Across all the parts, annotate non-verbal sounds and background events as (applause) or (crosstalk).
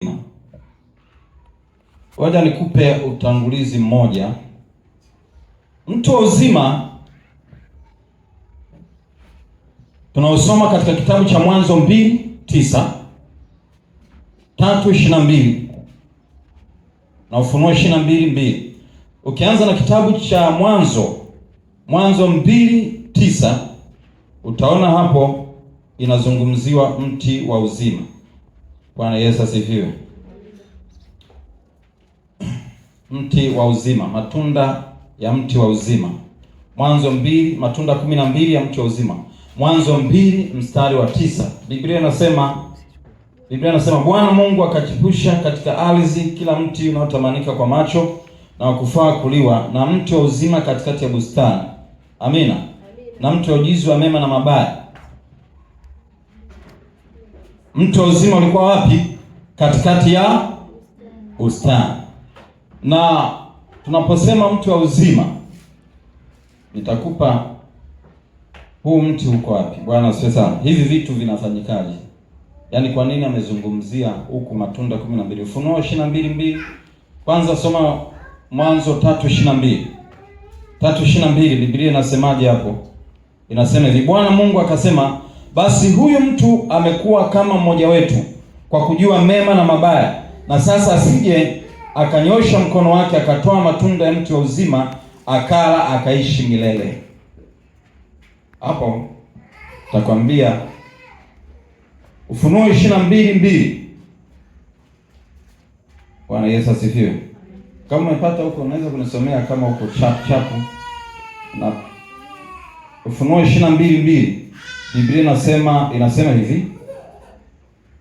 ni nikupe utangulizi mmoja. Mtu wa uzima tunaosoma katika kitabu cha Mwanzo mbili tisa tatu ishirini na mbili na Ufunuo ishirini na mbili mbili ukianza na kitabu cha Mwanzo Mwanzo mbili tisa utaona hapo inazungumziwa mti wa uzima. Bwana Yesu asifiwe. Mti wa uzima, matunda ya mti wa uzima. Mwanzo mbili, matunda kumi na mbili ya mti wa uzima. Mwanzo mbili mstari wa tisa. Biblia inasema Biblia inasema Bwana Mungu akachipusha katika ardhi kila mti unaotamanika kwa macho na wakufaa kuliwa na mti wa uzima katikati ya bustani. Amina. Amina. Na mti wa ujuzi wa mema na mabaya mto wa uzima ulikuwa wapi? Katikati ya bustani. Na tunaposema mti wa uzima, nitakupa huu mti uko wapi. Bwana asifiwe sana. Hivi vitu vinafanyikaje? Yaani kwa nini amezungumzia huku matunda 12? Ufunuo 22:2. Kwanza soma Mwanzo 3:22. 3:22 Biblia inasemaje hapo? Inasema hivi, Bwana Mungu akasema basi huyu mtu amekuwa kama mmoja wetu kwa kujua mema na mabaya, na sasa asije akanyosha mkono wake akatoa matunda ya mti wa uzima akala akaishi milele. Hapo takwambia Ufunuo ishirini na mbili mbili. Bwana Yesu asifiwe. Kama umepata huko, unaweza kunisomea kama huko chap chapu na Ufunuo ishirini na mbili mbili. Biblia inasema inasema hivi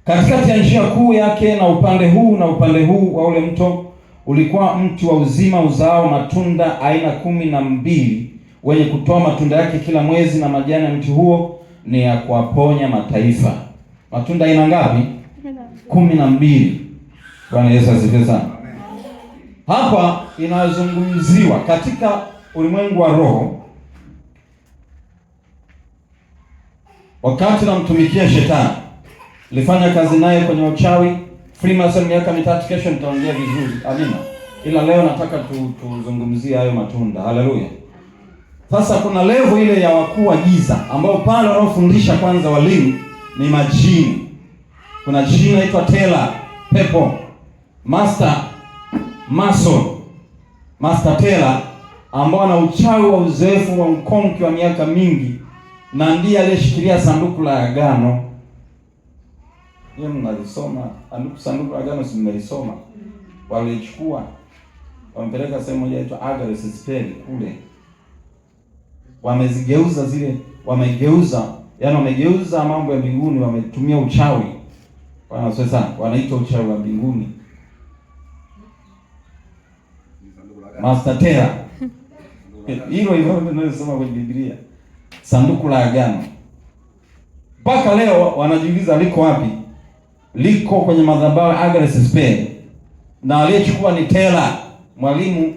katikati ya njia kuu yake na upande huu na upande huu wa ule mto ulikuwa mti wa uzima uzao matunda aina kumi na mbili wenye kutoa matunda yake kila mwezi, na majani ya mti huo ni ya kuwaponya mataifa. Matunda aina ngapi? Kumi na mbili. Bwana Yesu asifiwe sana. Hapa inazungumziwa katika ulimwengu wa roho Wakati namtumikia shetani, nilifanya kazi naye kwenye uchawi Freemason miaka mitatu. Kesho nitaongea vizuri, amina, ila leo nataka tu, tuzungumzie hayo matunda. Haleluya! Sasa kuna levo ile ya wakuu wa giza ambao pale wanaofundisha kwanza walimu ni majini. Kuna jini inaitwa tela, pepo, master mason, master tela ambao ana uchawi wa uzoefu wa mkonki wa miaka mingi na ndiye aliyeshikilia sanduku la agano. Hiyo mnalisoma sanduku la agano, si mnalisoma? Walichukua wamepeleka sehemu moja inaitwa Agares Spell kule, wamezigeuza zile, wamegeuza yaani, wamegeuza mambo ya mbinguni, wametumia uchawi. Sasa wanaitwa uchawi wa mbinguni, master Tera (laughs) Hilo hilo tunalosoma kwenye Biblia sanduku la agano. Mpaka leo wanajiuliza liko wapi? Liko kwenye madhabahu Agnes Spee, na aliyechukua ni Tela, mwalimu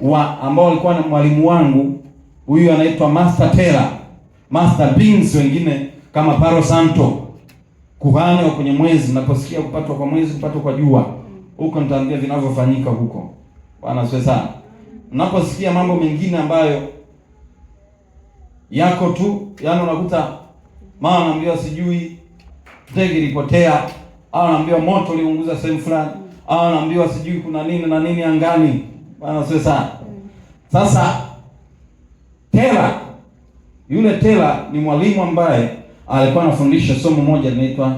wa ambao alikuwa na mwalimu wangu huyu, anaitwa Master Tela, Master Beans, wengine kama Paro Santo, kuhani wa kwenye mwezi. Naposikia kupatwa kwa mwezi, kupatwa kwa jua, huko nitaambia vinavyofanyika huko. Bwana asifiwe sana. Naposikia mambo mengine ambayo yako tu, yaani unakuta mama anaambiwa sijui ndege ilipotea, au anaambiwa moto uliunguza sehemu fulani, au anaambiwa sijui kuna nini na nini angani. Bwana sio sana. Sasa tela yule tela ni mwalimu ambaye alikuwa anafundisha somo moja linaitwa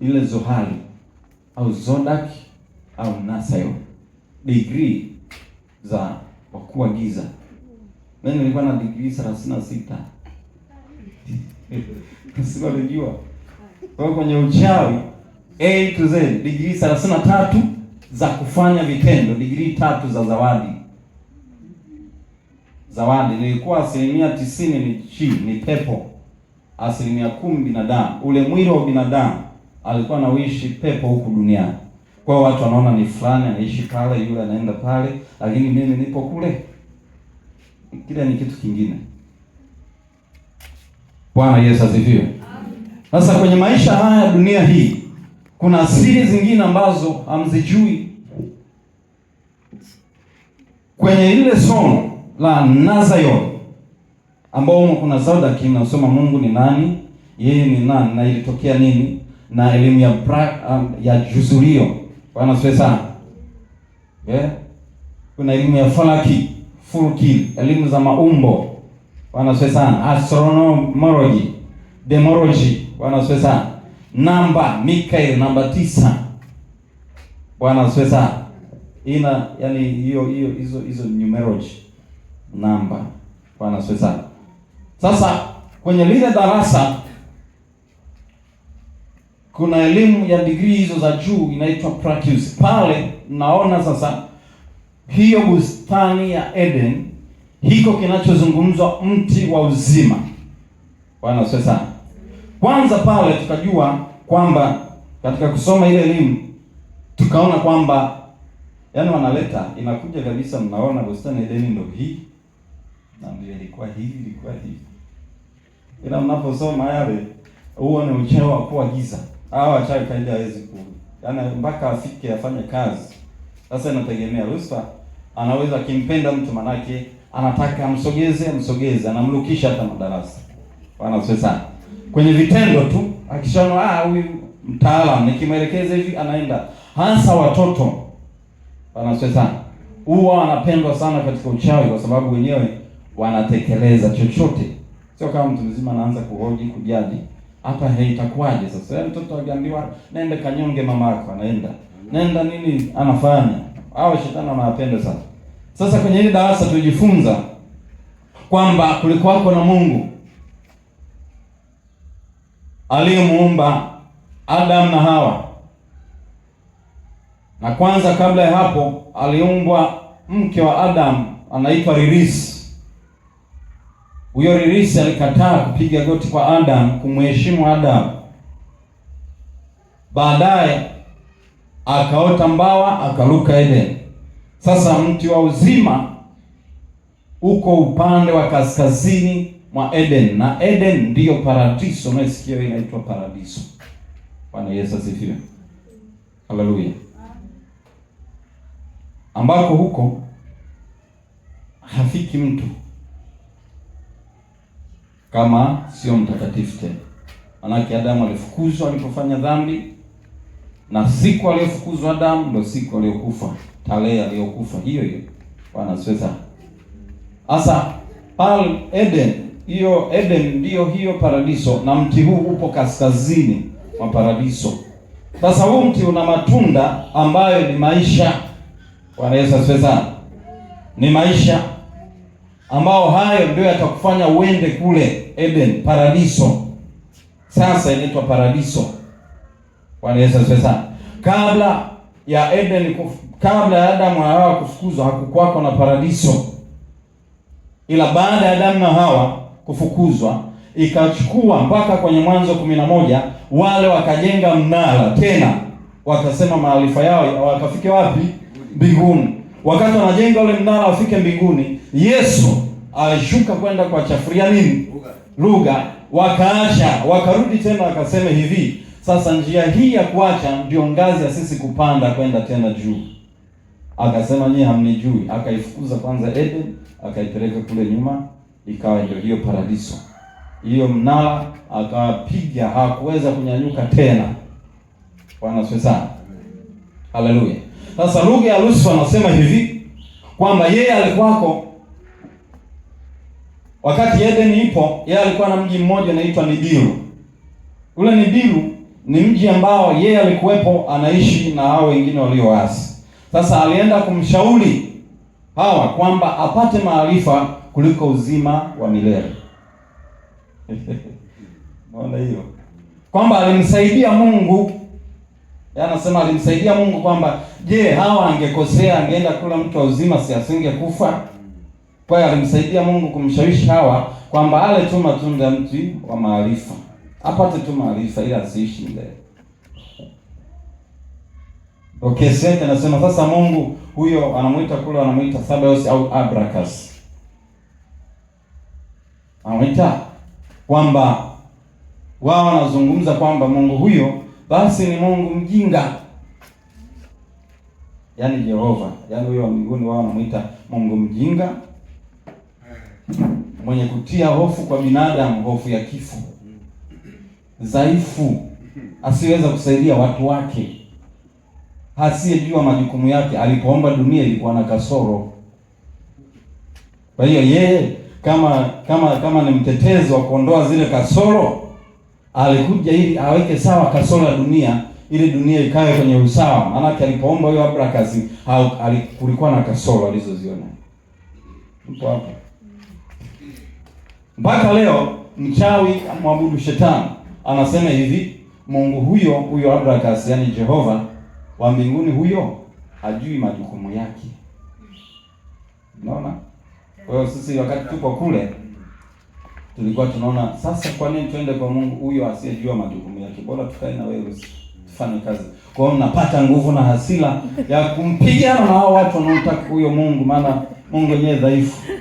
ile zohali au zodak au nasayo, degree za wakuu wa giza. Mimi nilikuwa na degree sita Sasa unajua. Kwa kwenye uchawi A to Z degree tatu za kufanya vitendo, degree tatu za zawadi. Zawadi nilikuwa asilimia tisini ni chi, ni pepo. Asilimia kumi binadamu. Ule mwili wa binadamu alikuwa anaishi pepo huku duniani. Kwa watu wanaona ni fulani anaishi pale, yule anaenda pale, lakini mimi nipo kule kile ni kitu kingine. Bwana Yesu asifiwe. Sasa kwenye maisha haya dunia hii kuna siri zingine ambazo hamzijui. Kwenye ile somo la nazayo ambao kuna Sauda kinasoma Mungu ni nani, yeye ni nani na ilitokea nini, na elimu ya pra, um, ya juzurio. Bwana asifiwe sana. Yeah. Kuna elimu ya falaki furki, elimu za maumbo, Bwana asifiwe sana. Astronomology, demology, Bwana asifiwe sana. Namba Mikael, namba tisa, Bwana asifiwe sana. Ina yani hiyo hiyo hizo hizo numerology namba, Bwana asifiwe sana. Sasa kwenye lile darasa kuna elimu ya degree hizo za juu inaitwa practice. Pale naona sasa hiyo bustani ya Eden hiko kinachozungumzwa mti wa uzima. Bwana asifiwe sana. Kwanza pale tukajua kwamba katika kusoma ile elimu tukaona kwamba yani wanaleta inakuja kabisa, mnaona bustani ya Eden ndio hii na ndio ilikuwa hii, ilikuwa hivi. Ila mnaposoma yale huone uchawi wa kuwa giza, hawa wachawi kaida hawezi ku, yani mpaka afike afanye kazi sasa inategemea Lucifer anaweza akimpenda mtu manake anataka amsogeze amsogeze, anamrukisha hata madarasa. Bwana sio sana kwenye vitendo tu, akishaona ah, huyu mtaalamu nikimwelekeza hivi anaenda, hasa watoto. Bwana sio sana huwa wanapendwa sana katika uchawi, kwa sababu wenyewe wanatekeleza chochote, sio kama mtu mzima anaanza kuhoji kujadi, hata hey, sasa? Eh, mtoto akiambiwa nende kanyonge mama yako, anaenda nenda nini anafanya. Hawa shetani wanawapenda sana. Sasa kwenye hili darasa tujifunza kwamba kulikuwako na Mungu aliyemuumba Adamu na Hawa, na kwanza kabla ya hapo aliumbwa mke wa Adamu anaitwa Ririsi. Huyo Ririsi alikataa kupiga goti kwa Adamu, kumheshimu Adamu. Baadaye akaota mbawa akaruka Edeni. Sasa mti wa uzima uko upande wa kaskazini mwa Eden, na Eden ndiyo paradiso unayosikia wewe, inaitwa paradiso. Bwana Yesu asifiwe, haleluya. Ambako huko hafiki mtu kama sio mtakatifu tena, manake Adamu alifukuzwa alipofanya dhambi na siku aliyofukuzwa damu ndio siku aliyokufa, tarehe aliyokufa hiyo hiyo. Bwana asifiwe sana. Sasa Eden, hiyo Eden ndiyo hiyo paradiso, na mti huu upo kaskazini mwa paradiso. Sasa huu mti una matunda ambayo ni maisha. Bwana Yesu asifiwe sana. Ni maisha ambao hayo ndio yatakufanya uende kule Eden, paradiso. Sasa inaitwa paradiso. Bwana Yesu asifiwe sana. Kabla ya Eden kabla ya Adamu na Hawa kufukuzwa hakukuwako na paradiso, ila baada ya Adamu na Hawa kufukuzwa ikachukua mpaka kwenye Mwanzo kumi na moja wale wakajenga mnara tena, wakasema maarifa yao wakafike wapi? Mbinguni. Wakati wanajenga ule mnara wafike mbinguni, Yesu alishuka kwenda kuwachafuria nini lugha, wakaacha wakarudi tena wakasema hivi sasa njia hii ya kuacha ndio ngazi ya sisi kupanda kwenda tena juu. Akasema nyie hamnijui, akaifukuza kwanza Eden, akaipeleka kule nyuma, ikawa ndio hiyo paradiso hiyo mnara, akapiga hakuweza kunyanyuka tena. Bwana asifiwe sana, haleluya. Sasa lugha ya Lusifa anasema hivi kwamba yeye alikuwako wakati Eden ipo, yeye alikuwa na mji mmoja unaitwa Nibiru. Ule Nibiru ni mji ambao yeye alikuwepo anaishi na hao wengine walioasi. Sasa alienda kumshauri hawa kwamba apate maarifa kuliko uzima wa milele naona (laughs) hiyo kwamba alimsaidia Mungu, yaani anasema alimsaidia Mungu kwamba je, hawa angekosea angeenda kula mtu wa uzima, si asingekufa? Kwa hiyo alimsaidia Mungu kumshawishi hawa kwamba ale tu matunda ya mti wa maarifa apate tu maarifa, ila asiishi milele. Okeseke nasema sasa, Mungu huyo anamwita kule, anamwita Sabaoth au Abrakas, anamwita kwamba wao wanazungumza kwamba Mungu huyo basi ni Mungu mjinga, yaani Jehova, yaani huyo wa mbinguni, wao wanamwita Mungu mjinga, mwenye kutia hofu kwa binadamu, hofu ya kifo dhaifu, asiyeweza kusaidia watu wake, asiyejua majukumu yake. Alipoomba dunia ilikuwa na kasoro. Kwa hiyo yeye kama kama kama ni mtetezi wa kuondoa zile kasoro, alikuja ili aweke sawa kasoro ya dunia ili dunia ikawe kwenye usawa. Maanake alipoomba huyo abrakazi kulikuwa na kasoro alizoziona. hapo mpaka leo mchawi amwabudu shetani anasema hivi, Mungu huyo huyo Abrakas, yani Jehova wa mbinguni huyo hajui majukumu yake. Unaona? Kwa hiyo sisi wakati tuko kule tulikuwa tunaona sasa, kwa nini tuende kwa Mungu huyo asiyejua majukumu yake? Bora tukae na wewe tufanye kazi. Kwa hiyo unapata nguvu na hasira ya kumpigana na hao watu wanaotaka huyo Mungu, maana Mungu wenyewe dhaifu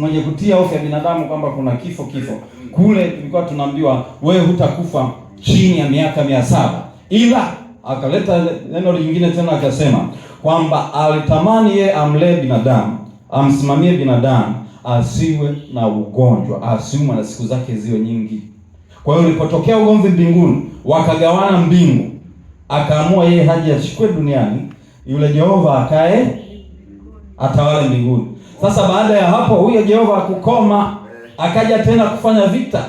mwenye kutia hofu ya binadamu kwamba kuna kifo kifo. Kule tulikuwa tunaambiwa wewe hutakufa chini ya miaka mia saba, ila akaleta neno lingine tena akasema kwamba alitamani ye amlee binadamu amsimamie binadamu asiwe na ugonjwa asiumwe na siku zake ziwe nyingi. Kwa hiyo ulipotokea ugomvi mbinguni, wakagawana mbingu, akaamua yeye haji achukue duniani, yule Jehova akae atawale mbinguni. Sasa baada ya hapo, huyo Jehova akukoma, akaja tena kufanya vita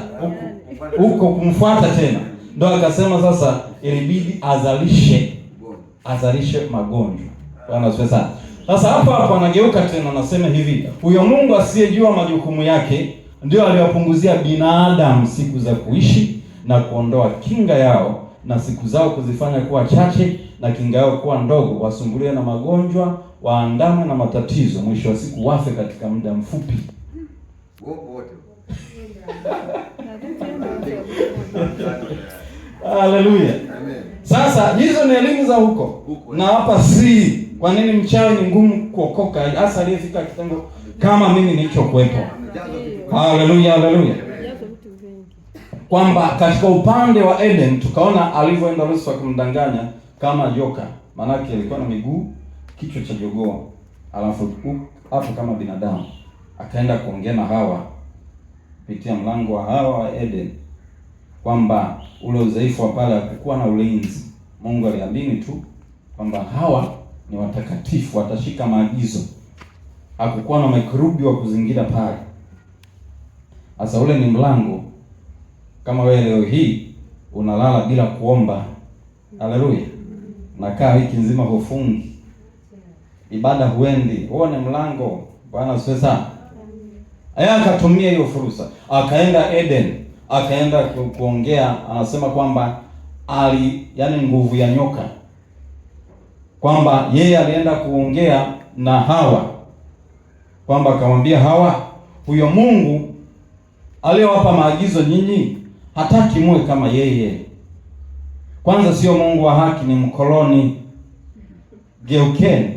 huko kumfuata tena, ndo akasema sasa ilibidi azalishe azalishe magonjwa. Bwana asifiwe sana. Sasa hapo hapo anageuka tena, anasema hivi, huyo Mungu asiyejua majukumu yake ndio aliwapunguzia binadamu siku za kuishi na kuondoa kinga yao na siku zao kuzifanya kuwa chache na kinga yao kuwa ndogo, wasumbuliwe na magonjwa, waandame na matatizo, mwisho wa siku wafe katika muda mfupi. Haleluya! Sasa hizo ni elimu za huko na hapa, si kwa nini mchawi ni ngumu kuokoka, hasa aliyefika kitengo kama mimi nilichokuwepo. Haleluya, haleluya kwamba katika upande wa Eden tukaona alivyoenda Lusifa kumdanganya kama joka, maanake alikuwa na miguu, kichwa cha jogoo, alafu hapo kama binadamu, akaenda kuongea na Hawa kupitia mlango wa Hawa wa Eden kwamba ule udhaifu wa pale hakukuwa na ulinzi. Mungu aliamini tu kwamba Hawa ni watakatifu, watashika maagizo. Hakukuwa na makerubi wa kuzingira pale. Sasa ule ni mlango kama wewe leo hii unalala bila kuomba, haleluya, nakaa wiki nzima hufungi, ibada huendi, uone mlango. Bwana asifiwe sana. Aya, akatumia hiyo fursa, akaenda Eden, akaenda kuongea. Anasema kwamba ali, yani nguvu ya nyoka, kwamba yeye alienda kuongea na Hawa, kwamba akamwambia Hawa, huyo Mungu aliyowapa maagizo nyinyi hataki muwe kama yeye. Kwanza sio Mungu wa haki, ni mkoloni. Geukeni,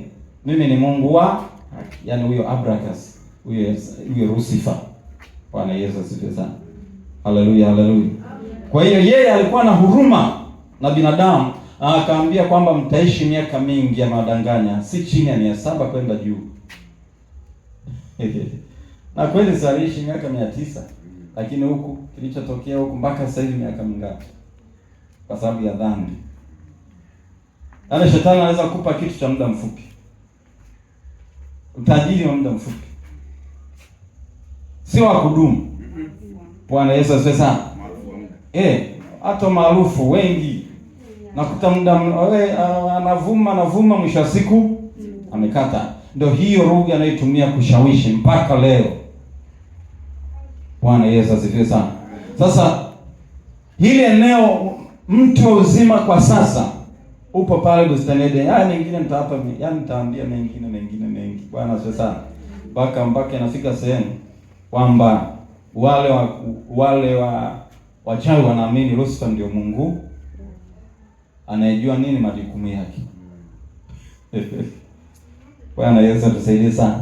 mimi ni Mungu wa haki. Yaani huyo Abrakas, huyo huyo Lucifer. Bwana Yesu asifiwe sana. Haleluya, haleluya. Kwa hiyo yeye alikuwa na huruma na binadamu, akaambia kwamba mtaishi miaka mingi ya madanganya, si chini ya mia saba kwenda juu (laughs) na kweli saliishi miaka mia tisa lakini huku kilichotokea huku mpaka sasa hivi miaka mingapi? Kwa sababu ya dhambi. Yaani shetani anaweza kukupa kitu cha muda mfupi, utajiri wa muda mfupi, sio wa kudumu. Bwana Yesu asifiwe sana. Eh, hata maarufu wengi nakuta muda wewe, anavuma anavuma, mwisho wa siku amekata. Ndio hiyo lugha anayotumia kushawishi mpaka leo. Bwana Yesu asifiwe sana. Sasa hili eneo mti wa uzima kwa sasa upo pale bustani Eden. Haya mengine nitawapa, yaani nitaambia mengine mengine mengi. Bwana asifiwe sana. Mpaka mpaka inafika sehemu kwamba wale wa, wale wa wachawi wanaamini Lucifer ndio Mungu anayejua nini majukumu yake. (laughs) Bwana Yesu atusaidie sana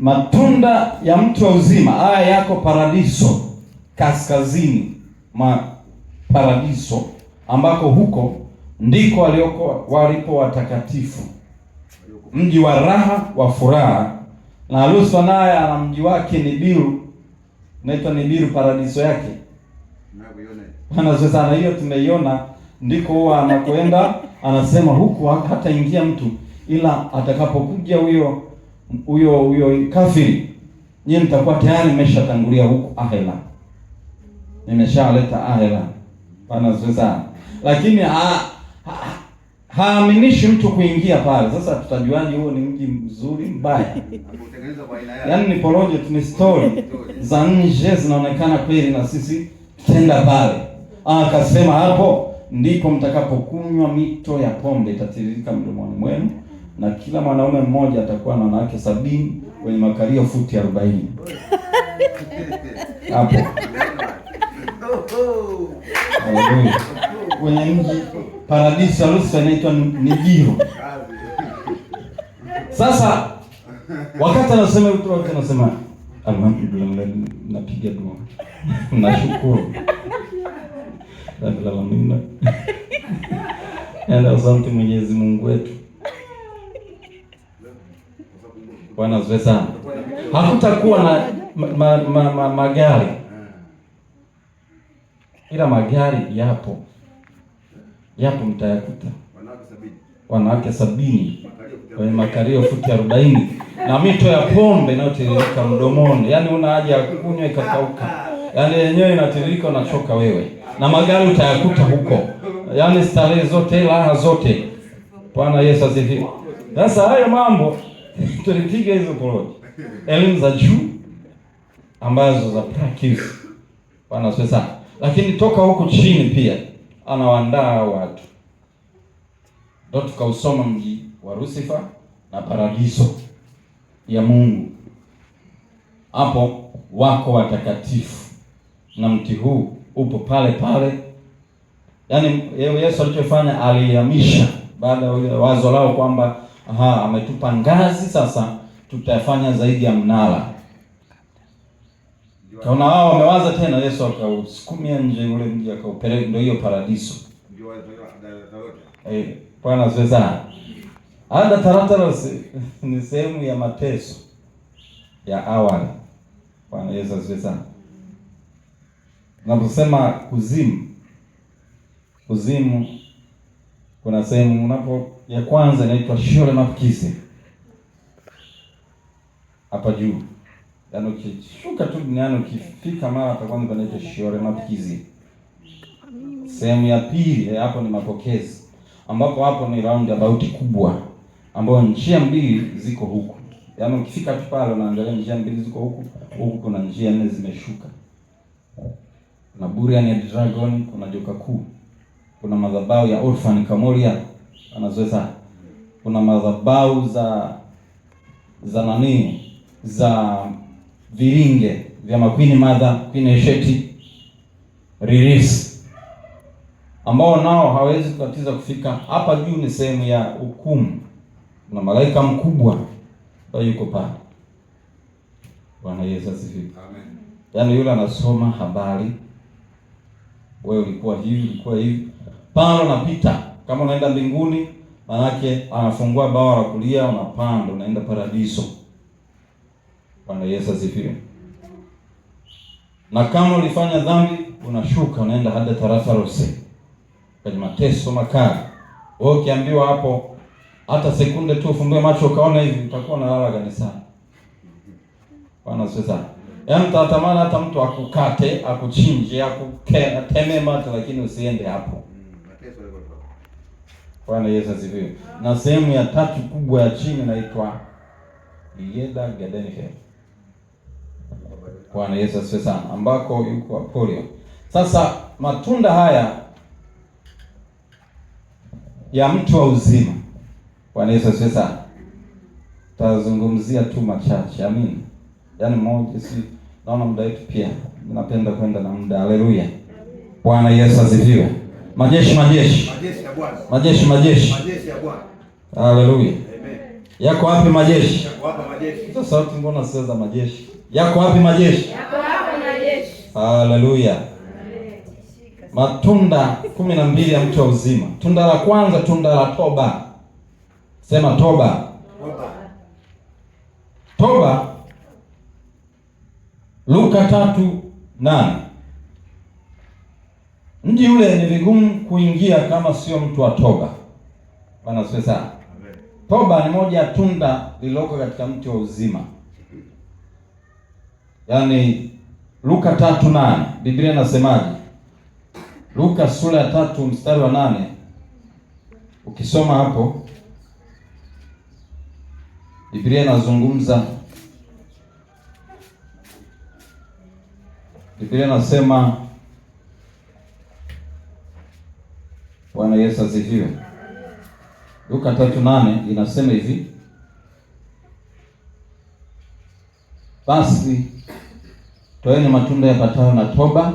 matunda ya mti wa uzima haya yako paradiso, kaskazini ma paradiso, ambako huko ndiko walioko walipo watakatifu, mji wa raha wa furaha. Na Lusa naye ana mji wake Nibiru, naitwa Nibiru, paradiso yake sana. Hiyo tumeiona, ndiko huwa anakoenda, anasema huku hata ingia mtu, ila atakapokuja huyo huyo huyo kafiri, nyie mtakuwa tayari mmeshatangulia huko ahela nimeshaleta pana zweza. lakini haaminishi mtu kuingia pale. Sasa tutajuaje huo ni mji mzuri mbaya? Yaani ni porojo, ni story za nje zinaonekana kweli, na sisi tutaenda pale. Ah, akasema hapo ndipo mtakapokunywa mito ya pombe itatiririka mdomoni mwenu na kila mwanaume mmoja atakuwa na wanawake sabini kwenye makalio futi arobaini (laughs) hapo kwenye mji ya harusi inaitwa Nijiro. Sasa wakati anasema mtu wake anasema alhamdulillah, napiga dua (laughs) nashukuru alhamdulillah, (laughs) asante Mwenyezi Mungu wetu Bwana asifiwe sana. Hakutakuwa na ma, ma, ma, magari, ila magari yapo, yapo, mtayakuta wanawake sabini kwenye makario futi arobaini na mito ya pombe inayotiririka mdomoni, yaani una haja ya kunywa ikakauka, yaani yenyewe inatiririka, unachoka wewe, na magari utayakuta huko, yaani starehe zote, raha zote. Bwana Yesu asifiwe. Sasa hayo mambo tulipiga hizo poloji elimu za juu ambazo za practice bana sasa, lakini toka huku chini pia anawaandaa watu ndio tukausoma mji wa Lucifer na paradiso ya Mungu. Hapo wako watakatifu, na mti huu upo pale pale. Yaani Yesu alichofanya alihamisha baada ya wazo lao kwamba Aha, ametupa ngazi sasa, tutafanya zaidi ya mnara. Kaona wao wamewaza tena, Yesu akausukumia nje ule mji akaupeleka, ndio hiyo paradiso. Eh, Bwana Zeza. Ada taratara ni sehemu ya mateso ya awali. Bwana Yesu Zeza. Naposema kuzimu kuzimu kuna sehemu unapo ya kwanza inaitwa Shore Mapkise hapa juu, yaani ukishuka tu duniani ukifika mara pa kwanza inaitwa Shore Mapkise. Sehemu ya pili eh, hapo ni mapokezi, ambapo hapo ni round about kubwa ambayo njia mbili ziko huku, yaani ukifika tu pale unaangalia njia mbili ziko huku huku, kuna njia nne zimeshuka, na Burian ya Dragon, kuna joka kuu kuna madhabahu ya Orphan Kamoria anazoweza, kuna madhabahu za za nani za viringe vya makwini madha Queen Esheti Release ambao nao hawezi kutatiza kufika hapa juu. Ni sehemu ya hukumu, na malaika mkubwa ambaye yuko pale. Bwana Yesu asifiwe, amen. Yaani yule anasoma habari, wewe ulikuwa hivi, ulikuwa hivi Panda unapita kama unaenda mbinguni, manake anafungua bawa la kulia, unapanda unaenda paradiso. Bwana Yesu asifiwe. Na kama ulifanya dhambi, unashuka unaenda hadi rose kwenye mateso makali. Wewe ukiambiwa hapo hata sekunde tu ufumbue macho ukaona hivi, utakuwa unalala kanisani. Bwana Yesu sana. Yaani utatamani hata mtu akukate, akuchinje, akuteme mate, lakini usiende hapo. Bwana Yesu asifiwe. Na sehemu ya tatu kubwa ya chini inaitwa Ieda Gadenhe. Bwana Yesu asifiwe sana, ambako yuko Apolio. Sasa matunda haya ya mtu wa uzima, Bwana Yesu asifiwe sana, tazungumzia tu machache. Amin. Yaani moja si naona muda wetu pia, napenda kwenda na muda. Haleluya, Bwana Yesu asifiwe majeshi majeshi majeshi majeshi, haleluya. Yako wapi majeshi? Hizo sauti mbona sio za majeshi? Yako wapi majeshi? Haleluya. Matunda kumi na mbili ya mtu wa uzima. Tunda la kwanza, tunda la toba. Sema toba, toba, toba. Luka tatu nane Mji ule ni vigumu kuingia kama sio mtu wa toba. Bwana asifiwe sana. Toba ni moja ya tunda lililoko katika mti wa uzima, yaani Luka tatu nane Biblia inasemaje? Luka sura ya tatu mstari wa nane ukisoma hapo Biblia inazungumza, Biblia inasema Bwana Yesu asifiwe. Luka tatu nane inasema hivi, basi toeni matunda ya yapatayo na toba,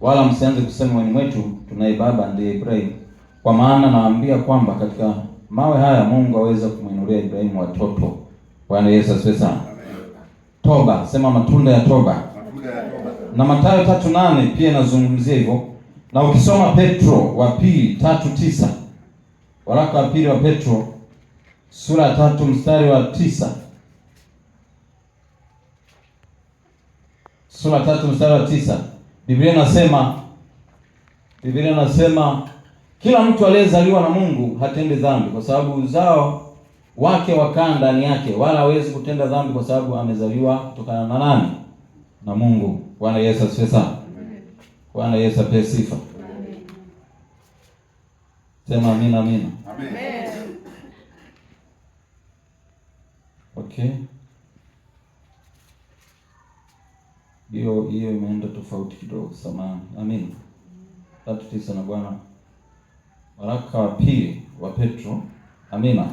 wala msianze kusema weni mwetu tunaye baba ndiye Ibrahimu, kwa maana nawaambia kwamba katika mawe haya Mungu aweza kumwinulia Ibrahimu watoto. Bwana Yesu asifiwe sana. Toba, sema matunda ya toba, matunda ya toba. Na Mathayo tatu nane pia inazungumzia hivyo na ukisoma Petro wa pili tatu tisa waraka wa pili wa Petro sura ya tatu mstari wa tisa sura ya tatu mstari wa tisa Biblia inasema Biblia inasema kila mtu aliyezaliwa na Mungu hatendi dhambi kwa sababu uzao wake wakaa ndani yake, wala hawezi kutenda dhambi kwa sababu amezaliwa kutokana na nani? Na Mungu. Bwana Yesu asifiwe sana. Bwana Yesu apewe sifa. Sema amina, amina. Amen. Okay, hiyo hiyo imeenda tofauti kidogo, samahani. Amina. Tatu tisa na Bwana, waraka wa pili wa Petro, amina,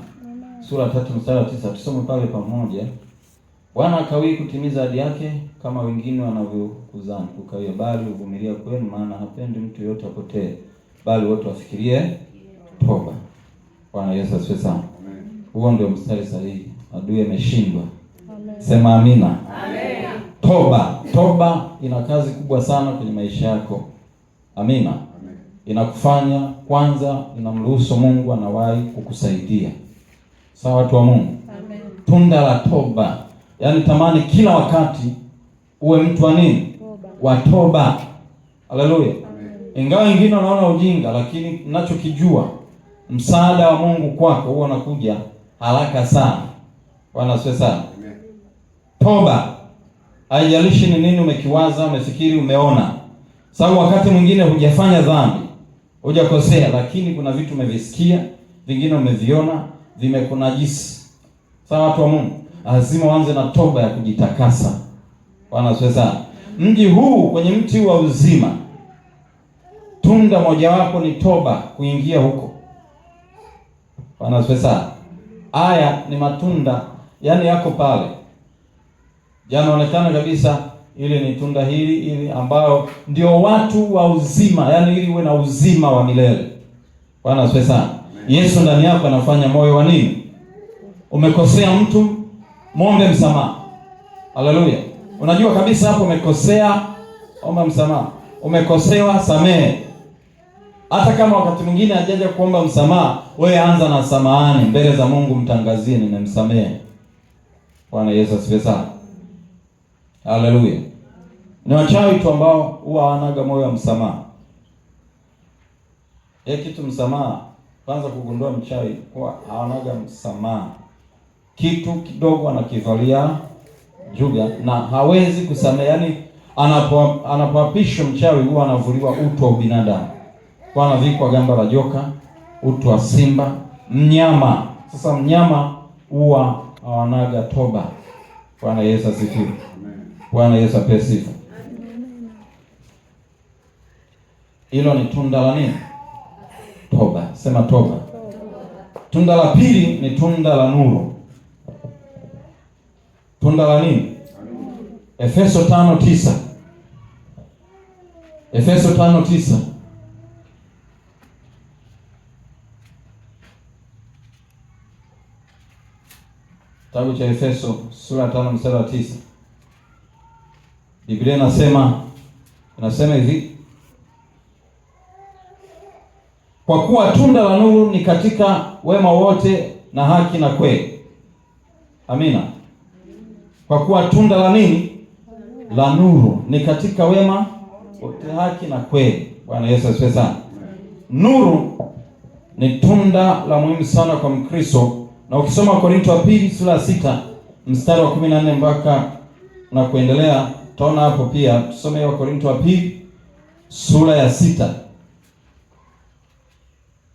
sura tatu mstari wa tisa, tusome pale pamoja. Bwana akawii kutimiza ahadi yake kama wengine wanavyokuzani kukawia, bali huvumilia kwenu, maana hapendi mtu yote apotee, bali wote wafikirie toba. Bwana Yesu asifiwe sana. Huo ndio mstari sahihi. Adui ameshindwa. Sema amina. Amen. Toba, toba ina kazi kubwa sana kwenye maisha yako. Amina. Amen. Inakufanya kwanza, inamruhusu Mungu anawahi kukusaidia. Sawa, watu wa Mungu. Amen. Tunda la toba Yaani tamani kila wakati uwe mtu wa nini? Wa toba. Haleluya. Ingawa wengine wanaona ujinga, lakini nachokijua msaada wa Mungu kwako huwa unakuja haraka sana. Bwana asifiwe sana. Toba haijalishi ni nini umekiwaza, umefikiri, umeona, sababu wakati mwingine hujafanya dhambi, hujakosea, lakini kuna vitu umevisikia, vingine umeviona, vimekunajisi. Sawa, watu wa Mungu lazima uanze na toba ya kujitakasa. Bwana asifiwe sana. Mji huu kwenye mti wa uzima, tunda mojawapo ni toba, kuingia huko. Bwana asifiwe sana. Haya ni matunda, yaani yako pale, yanaonekana kabisa ile ni tunda hili ili ambayo ndio watu wa uzima, yaani ili uwe na uzima wa milele. Bwana asifiwe sana. Yesu ndani yako anafanya moyo wa nini? Umekosea mtu mwombe msamaha. Haleluya! Unajua kabisa hapo umekosea, omba msamaha. Umekosewa, samehe. Hata kama wakati mwingine ajaja kuomba msamaha, wewe anza na samahani mbele za Mungu, mtangazie nimemsamehe. Bwana Yesu asifiwe sana. Haleluya. Ni wachawi tu ambao huwa hawanaga moyo wa msamaha. Ye kitu msamaha, kwanza kugundua mchawi kwa hawanaga msamaha kitu kidogo anakivalia juga na hawezi kusamehe. Yani anapoapishwa mchawi huwa anavuliwa utu wa binadamu, kwa anavikwa gamba la joka, utu wa simba, mnyama. Sasa mnyama huwa hawanaga toba. Bwana Yesu asifiwe. Bwana Yesu apewe sifa. Hilo ni tunda la nini? Toba. Sema toba. Tunda la pili ni tunda la nuru tunda la nini? Efeso tano tisa. Efeso tano tisa. Kitabu cha Efeso sura ya tano mstari wa tisa. Biblia inasema inasema hivi kwa kuwa tunda la nuru ni katika wema wote na haki na kweli. Amina kwa kuwa tunda la nini? La nuru ni katika wema wote, haki na kweli. Bwana Yesu asifiwe sana. Nuru ni tunda la muhimu sana kwa Mkristo, na ukisoma Korinto wa pili sura ya sita mstari wa kumi na nne mpaka na kuendelea tutaona hapo pia. Tusome Wakorinto wa pili sura ya sita.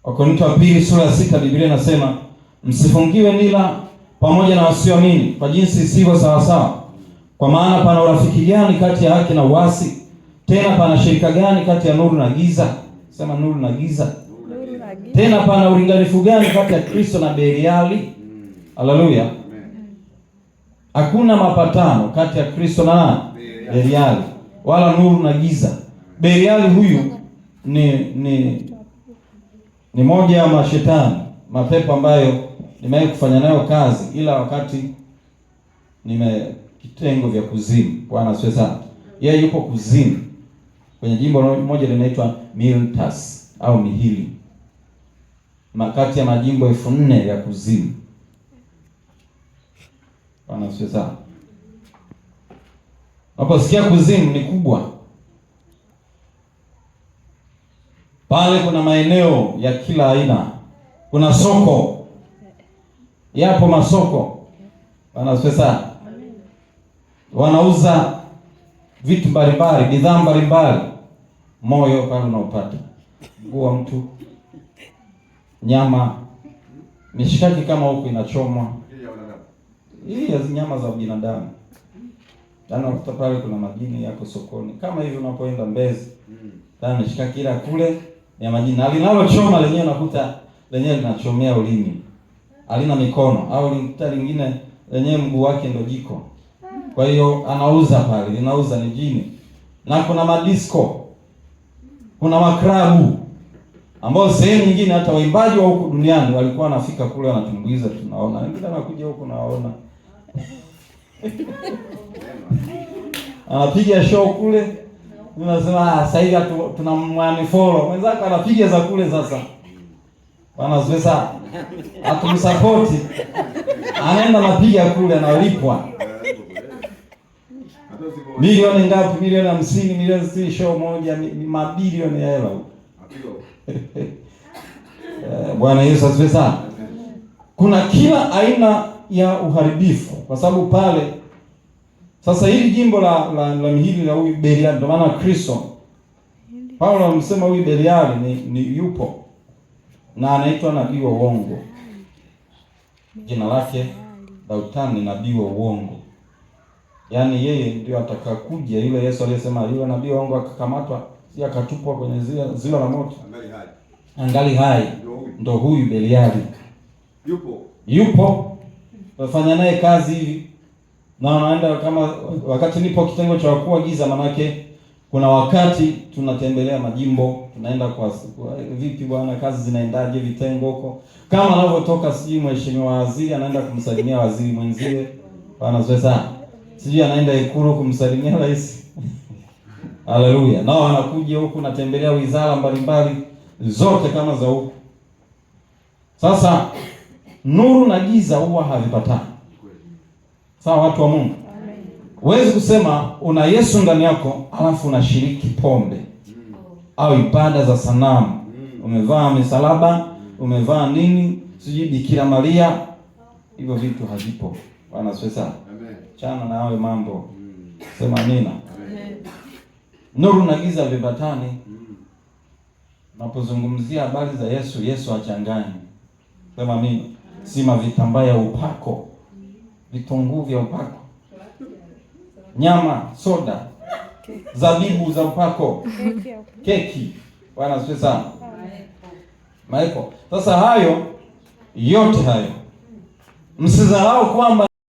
Wakorinto wa pili sura ya sita, Biblia inasema msifungiwe nila pamoja na wasioamini kwa jinsi isivyo sawasawa. Kwa maana pana urafiki gani kati ya haki na uasi? Tena pana shirika gani kati ya nuru na giza? Sema nuru na giza. Nuru na giza. Tena pana ulinganifu gani kati ya Kristo na Beliali? Haleluya. Hakuna mapatano kati ya Kristo na Beliali wala nuru na giza. Beliali huyu ni ni ni moja ya mashetani mapepo ambayo nimewahi kufanya nayo kazi, ila wakati nime kitengo vya kuzimu. Bwana asifiwe sana. Yeye yupo kuzimu kwenye jimbo moja linaitwa Miltas au Mihili, makati ya majimbo elfu nne ya kuzimu. Bwana asifiwe sana. Unaposikia kuzimu ni kubwa pale, kuna maeneo ya kila aina, kuna soko Yapo masoko wanapesa, wanauza vitu mbalimbali, bidhaa mbalimbali. Moyo pale unaopata nguo mtu, nyama, mishikaki kama huku inachomwa, hii ya nyama za binadamu yaani nakuta pale kuna majini yako sokoni kama hivi, unapoenda Mbezi yaani mishikaki ila kule ya majini, na linalochoma lenyewe nakuta lenyewe linachomea ulimi alina mikono au likuta lingine lenyewe mguu wake ndo jiko. Kwa hiyo anauza pale, linauza ni jini, na kuna madisco, kuna makrabu ambao sehemu nyingine hata waimbaji wa huku duniani walikuwa wanafika kule wanatumbuiza, tunaona wengine wanakuja huku nawaona (laughs) anapiga show kule, tunasema ah, sasa hivi tunamwani follow mwenzako anapiga za kule sasa Bwana asifiwe sana. Hatumsapoti. Anaenda mapiga kule analipwa. Milioni ngapi? Milioni hamsini, milioni sitini, show moja ni mabilioni ya hela huko. Eh, Bwana Yesu asifiwe sana. Kuna kila aina ya uharibifu kwa sababu pale sasa hili jimbo la la, la hili la huyu Beliali, ndio maana Kristo Paulo amsema huyu Beliali ni, ni yupo na anaitwa nabii wa uongo. Jina lake Lautani ni nabii wa uongo, yaani yeye ndio atakakuja, yule Yesu aliyesema yule nabii wa uongo akakamatwa, si akatupwa kwenye ziwa la moto, angali hai, ndo huyu Beliali. Yupo, yupo, wafanya naye kazi hivi, na wanaenda kama wakati nipo kitengo cha wakuu wa giza, manake kuna wakati tunatembelea majimbo, tunaenda kwa, kwa vipi bwana, kazi zinaendaje, vitengo huko, kama anavyotoka sijui mheshimiwa waziri anaenda kumsalimia waziri mwenzie bwana sana, sijui anaenda Ikulu kumsalimia rais (laughs) haleluya, nao anakuja huku, natembelea wizara mbalimbali zote kama za huku. Sasa nuru na giza huwa havipatani, sawa watu wa Mungu. Huwezi kusema una Yesu ndani yako alafu unashiriki pombe mm. au ibada za sanamu mm. umevaa misalaba mm. umevaa nini sijui Bikira Maria, hivyo vitu havipo. Bwana Amen. chana na hayo mambo mm. sema amina. Nuru na giza vibatani. mm. napozungumzia habari za Yesu, Yesu achangani Sema mimi sima vitambaa ya upako, mm. vitunguu vya upako nyama, soda, zabibu za mpako, keki. Bwana sana. maepo. Sasa hayo yote hayo msizahau kwamba